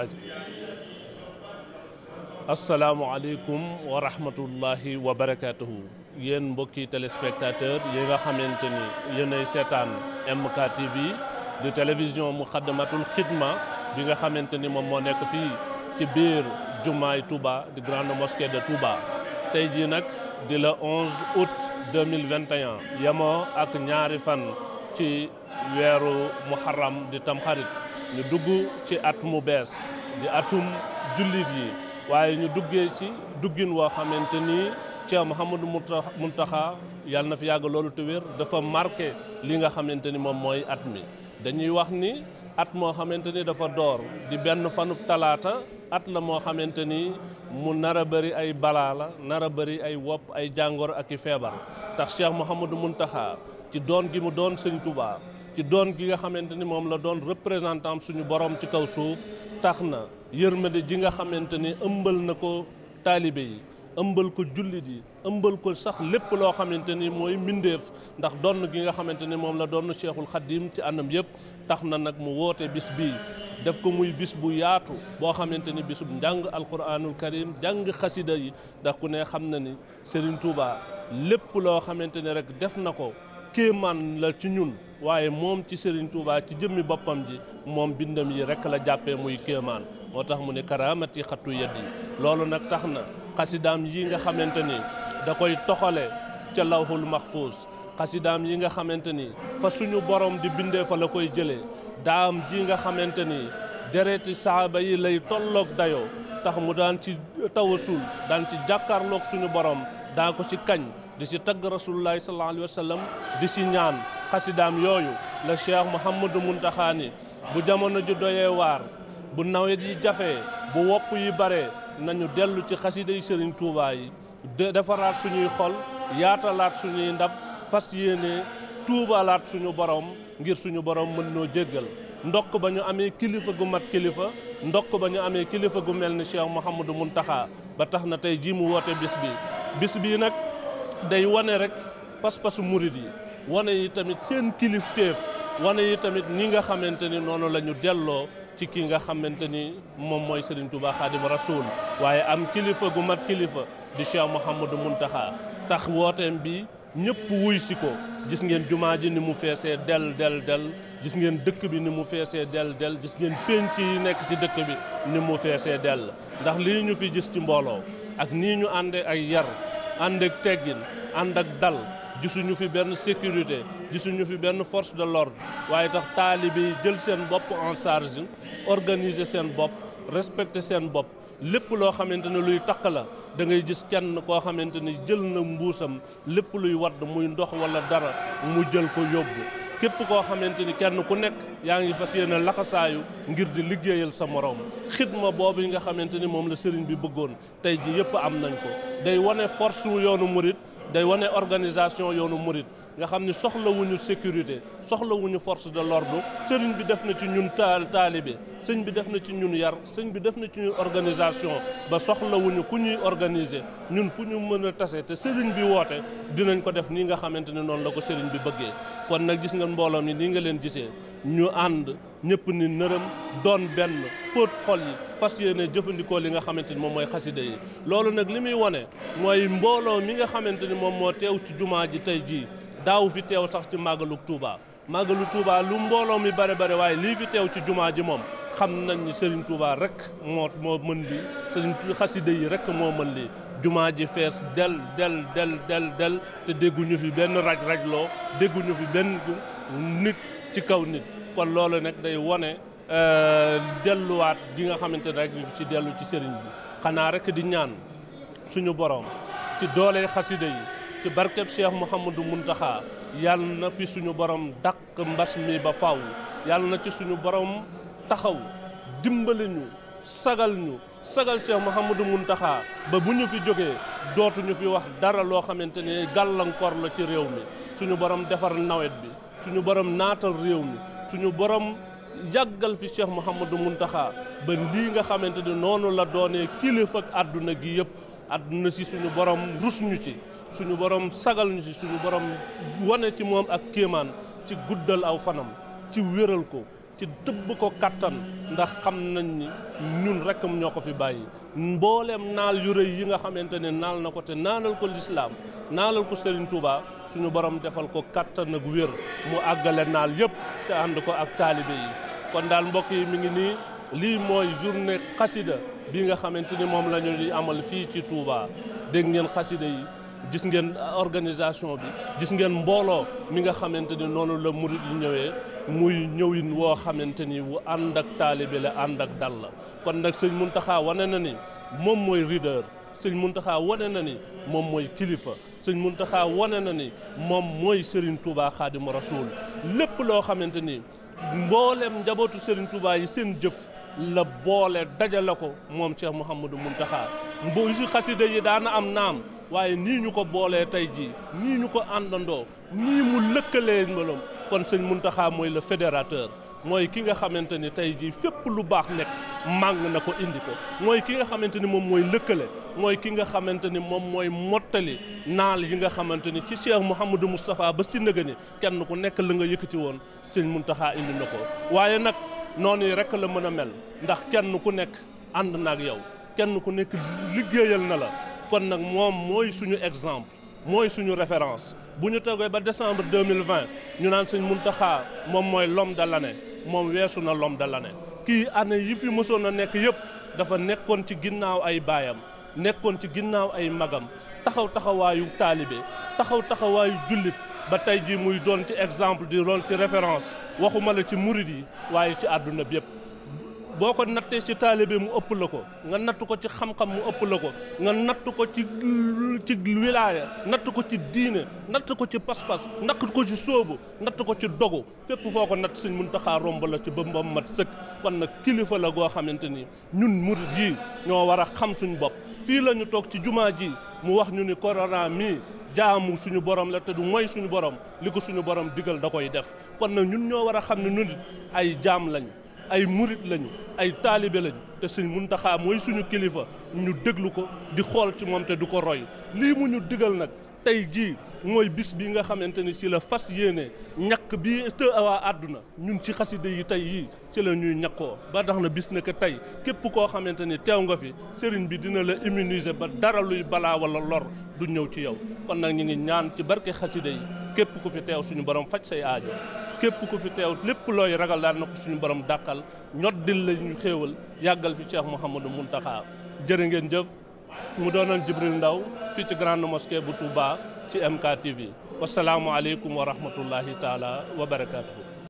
aaj asalaamualeykum wa rahmatullahi wa barakaatuhu. yéen mbokki téléspectateur yi nga xamante ni yéenay seetaan MK TV di télévision mu xaddamatul xidma bi nga xamante ni moom moo nekk fii ci biir jumaay tuba di grande mosquée de Touba. tey jii nag di la 11 août 2021 yemoo ak ñaari fan ci weeru muharram di tamxarit ñu dugg ci at mu bees di atum jullit yi waaye ñu duggee ci duggin woo xamante ni Cheikh mun Mountakha yàlla na fi yàgg loolu te dafa marqué li nga xamante ni moom mooy at mi dañuy wax ni at moo xamante ni dafa door di benn fanub talaata at la moo xamante ni mu nar a bëri ay balaa la nar a bëri ay wopp ay jàngoro ak i feebar tax Cheikh mun Mountakha ci doon gi mu doon Sëñ Tuubaa ci doon gi nga xamante ni moom la doon représentant suñu borom ci kaw suuf tax na yërmande ji nga xamante ni ëmbal na ko taalibe yi ëmbal ko jullit yi ëmbal ko sax lépp loo xamante ni mooy mbindeef ndax donn gi nga xamante ni moom la doon Cheikhul Khadim ci anam yëpp tax na nag mu woote bis bii def ko muy bis bu yaatu boo xamante ni bisub njàng alquranul karim njàng xasida yi ndax ku ne xam na ni Serigne Touba lépp loo xamante ni rek def na ko kéemaan la ci ñun waaye moom ci Serigne Touba ci jëmmi boppam ji moom bindam yi rek la jàppee muy kéemaan moo tax mu ne karaamati xattu yedd loolu nag tax na xasidaam yi nga xamante ni da koy toxale ca lawhul maxfuus xasidaam yi nga xamante ni fa suñu borom di bindee fa la koy jëlee daam ji nga xamante ni dereti saaba yi lay tolloog dayo tax mu daan ci tawasul daan ci jàkkaarloog suñu borom daa ko ci kañ di si tagg rasulullahi sallallahu alayhi sallam di si ñaan xasidaam yooyu la cheikh mouhamadou muntaxa ni bu jamono ji doyee waar bu nawet yi jafee bu wopp yi bare nañu dellu ci xasida yi sëriñ tuubaa yi defaraat suñuy xol yaatalaat suñuy ndab fas yéene tuubalaat suñu borom ngir suñu borom mën noo jéggal ndokk ba ñu amee kilifa gu mat kilifa ndokk ba ñu amee kilifa gu mel ni cheikh mouhamadou muntaxa ba tax na tey jii mu woote bis bi bis bii nag day wane rek pas-pasu murit yi wane yi tamit seen kilifteef wane yi tamit ni nga xamante ni noonu la ñu delloo ci ki nga xamante ni moom mooy Serigne Touba Khadim waaye am kilifa gu mat kilifa di Cheikh Mouhamadou taxaa tax wooteem bi ñëpp wuy si ko gis ngeen jumaa ji ni mu feesee del del del gis ngeen dëkk bi ni mu feesee del del gis ngeen pénc yi nekk ci dëkk bi ni mu feesee del ndax lii ñu fi gis ci mbooloo ak nii ñu àndee ay yar ànd ak teggin ànd ak dal gisuñu fi benn sécurité gisuñu fi benn force de l'ordre waaye tax taalibe yi jël seen bopp en charge organiser seen bopp respecter seen bopp lépp loo xamante ne luy takk la da ngay gis kenn koo xamante ni jël na mbuusam lépp luy wadd muy ndox walla dara mu jël ko yóbbu képp koo xamante ni kenn ku nekk yaa ngi fas yéene laxasaayu ngir di liggéeyal sa moroom xidma boobu yi nga xamante ni moom la sëriñ bi bëggoon tey ji yëpp am nañ ko day wane force yoonu murit day wane organisation yoonu murit nga xam ni soxlawuñu sécurité soxlawuñu force de l'ordre sëriñ bi def na ci ñun taal taalibe sëñ bi def na ci ñun yar sëñ bi def na ci ñun organisation ba soxlawuñu ku ñuy organiser ñun fu ñu mën a tase te sëriñ bi woote dinañ ko def nii nga xamante ne noonu la ko sëriñ bi bëggee kon nag gis nga mbooloo mi nii nga leen gisee ñu ànd ñëpp ni nërëm doon benn fóot xol yi fas yéene jëfandikoo li nga xamante ni moom mooy xasida yi loolu nag li muy wone mooy mbooloo mi nga xamante ni moom moo teew ci jumaa ji tey jii daaw fi teew sax ci màggalu Touba màggalu Touba lu mbooloo mi bare bare waaye lii fi teew ci jumaa ji moom xam nañ ni Serigne Touba rek moo moo mën li Serigne xasida yi rek moo mën lii jumaa ji fees del del del del del te dégguñu fi benn raj loo dégguñu fi benn nit ci kaw nit kon loolu nag day wone euh, delluwaat gi nga xamante ne rek ñu ci dellu ci sëriñ bi xanaa rek di ñaan suñu borom ci doole xasida yi ci barkeb Cheikh Mouhamadou Mountakha yàlla na fi suñu borom dàq mbas mi ba faw yàlla na ci suñu borom taxaw dimbali ñu sagal ñu sagal Cheikh Mouhamadou Mountakha ba bu ñu fi jógee dootuñu fi wax dara loo xamante ne gàllankoor la ci réew mi suñu borom defar nawet bi suñu borom naatal réew mi suñu borom yàggal fi Cheikh Mouhamadou Mountakha ban lii nga xamante ni noonu la doonee kilifa ak àdduna gi yëpp àdduna si suñu borom rus ci suñu borom sagal suñu borom wane ci moom ak kéemaan ci guddal aw fanam ci wéral ko ci dëbb ko kattan ndax xam nañ ni ñun rek ñoo ko fi bàyyi mbooleem naal yu yi nga xamante ne naal na ko te naalal ko lislaam naalal ko Serigne Touba. suñu borom defal ko kattan ak wér mu àggale naal yëpp te ànd ko ak taalibe yi kon daal mbokk yi mi ngi nii lii mooy journée xasida bi nga xamante ni moom la ñu amal fii ci Touba dégg ngeen xasida yi gis ngeen organisation bi gis ngeen mbooloo mi nga xamante ni noonu la mu yi ñëwee muy ñëwin woo xamante ni wu ànd ak taalibe la ànd ak dal la kon nag sëñ taxaa wane na ni moom mooy leader sëñ Muntaxa wane na ni moom mooy kilifa sëñ Muntaxa wane na ni moom mooy Serigne Touba Xaadimu Rasuul lépp loo xamante ni mboolem njabootu Serigne Touba yi seen jëf la boole dajale ko moom Cheikh Mouhamadou Muntaxa mbo si xasida yi daana am naam waaye nii ñu ko boolee tey jii nii ñu ko àndandoo nii mu lëkkalee kon sëñ Muntaxa mooy la fédérateur mooy ki nga xamante ni tey jii fépp lu baax nekk màng na ko indi ko mooy ki nga xamante ni moom mooy lëkkale mooy kii nga xamante ni moom mooy mottali naal yi nga xamante ni ci Cheikh Mouhamadou Moustapha ba ci nëga ni kenn ku nekk la nga yëkkati woon sëñ Muntaxa indi na ko waaye nag noonu yi rek la mën a mel ndax kenn ku nekk ànd na ak yow kenn ku nekk liggéeyal na la kon nag moom mooy suñu exemple mooy suñu référence bu ñu toogee ba décembre 2020 ñu naan sëñ Muntaxa moom mooy l'homme de moom weesu na l'homme de l'année kii année yi fi mësoon a nekk yëpp dafa nekkoon ci ginnaaw ay baayam nekkoon ci ginnaaw ay magam taxaw taxawaayu taalibe taxaw taxawaayu jullit ba tey jii muy doon ci exemple di doon ci référence waxuma la ci murit yi waaye ci àdduna bi yëpp boo ko nattee ci taalibe mu ëpp la ko nga natt ko ci xam-xam mu ëpp la ko nga natt ko ci ci wilaaya natt ko ci diine natt ko ci pas-pas natt ko ci sóobu natt ko ci dogu fépp foo ko natt Sëñ Muntaxa romb la ci ba mbam mat sëkk kon nag kilifa la goo xamante ni ñun murit yi ñoo war a xam suñu bopp fii la ñu toog ci jumaa ji mu wax ñu ni corona mii jaamu suñu borom la te du mooy suñu borom li ko suñu borom digal da koy def kon nag ñun ñoo war a xam ne ñun ay jaam lañ ay murit lañu ay taalibe lañu te sëñ Muntaxa mooy suñu kilifa ñu déglu ko di xool ci moom te du ko roy lii mu ñu digal nag tey jii mooy bis bi nga xamante ni si la fas yéene ñàkk bi të awaa àdduna ñun ci xaside yi tey yii ci la ñuy ñàkkoo ba tax na bis ne tey képp koo xamante ni teew nga fi sëriñ bi dina la immuniser ba dara luy balaa wala lor du ñëw ci yow kon nag ñu ngi ñaan ci barke xaside yi képp ku fi teew suñu borom faj say aajo képp ku fi teew lépp looy ragal daal na ko suñu borom dàqal ñoddil la ñu xéewal yàggal fi Cheikh Mouhamadou Mountakha jërë ngeen jëf mu doonoon Jibril Ndaw fii ci grande mosquée bu Touba ci MK TV wasalaamualeykum wa rahmatullahi taala wa barakaatu.